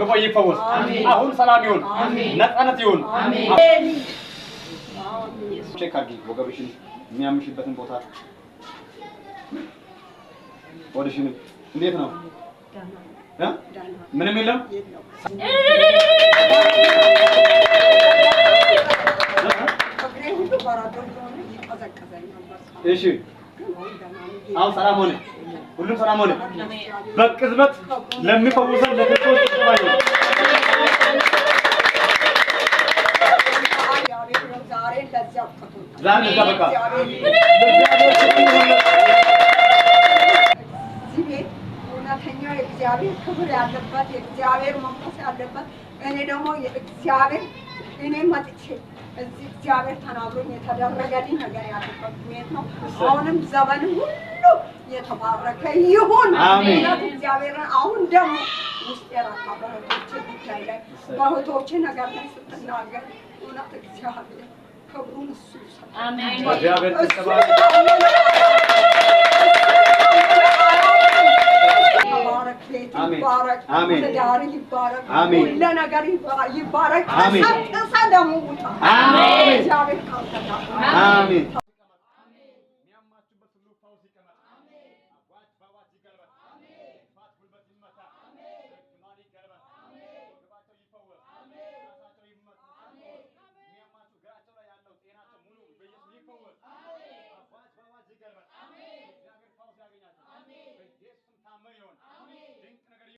ገቦ ይፈወስ፣ አሁን ሰላም ይሁን፣ ነፃነት ይሁን። ቼክ አድርጊ ወገብሽን፣ የሚያምሽበትን ቦታ ወደሽንም። እንዴት ነው? ምንም የለም። እሺ አሁን ሰላም ሆነ፣ ሁሉም ሰላም ሆነ። በቅጽበት ለሚፈውሰን ለክርስቶስ ተባይ ዛሬ ለዛ በቃ እውነተኛው የእግዚአብሔር ክብር ያለበት የእግዚአብሔር መንፈስ ያለበት እኔ ደግሞ የእግዚአብሔር እኔም መጥቼ እዚህ እግዚአብሔር ተናግሮኝ የተደረገልኝ ነገር ያለበት ነው። አሁንም ዘመን ሁሉ የተባረከ ይሁን። ምክንያቱ እግዚአብሔርን አሁን ደግሞ ውስጥ የራካ በእህቶች ጉዳይ ላይ በእህቶች ነገር ላይ ስትናገር እውነት እግዚአብሔር ክብሩን እሱ ይሰጣል። ቤት ይባረክ፣ ትዳር ይባረክ፣ ሁሉ ነገር ይባረክ። ተሰብጥሰህ ደግሞ ውጣ።